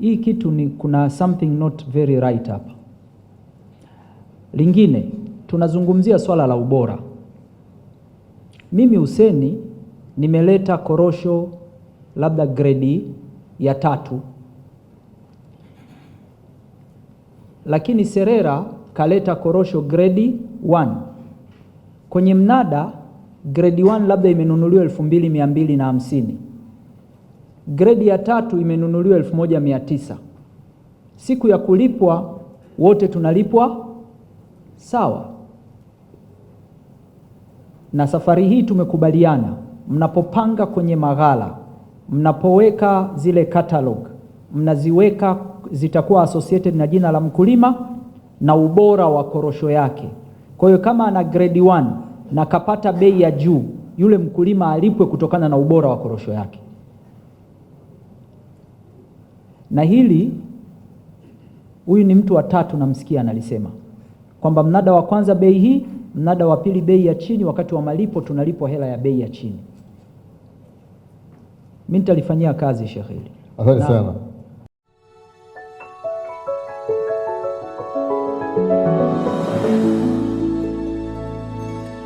hii kitu ni kuna something not very right hapa. Lingine tunazungumzia swala la ubora. Mimi Huseni nimeleta korosho labda gredi ya tatu, lakini Serera kaleta korosho gredi 1 kwenye mnada gredi 1 labda imenunuliwa elfu mbili mia mbili na hamsini gredi ya tatu imenunuliwa elfu moja mia tisa. Siku ya kulipwa wote tunalipwa sawa, na safari hii tumekubaliana, mnapopanga kwenye maghala, mnapoweka zile catalog, mnaziweka zitakuwa associated na jina la mkulima na ubora wa korosho yake. Kwa hiyo kama ana grade 1 na kapata bei ya juu, yule mkulima alipwe kutokana na ubora wa korosho yake. Na hili huyu ni mtu wa tatu namsikia analisema kwamba mnada wa kwanza bei hii, mnada wa pili bei ya chini, wakati wa malipo tunalipwa hela ya bei ya chini. Mimi nitalifanyia kazi shekhi. Asante sana.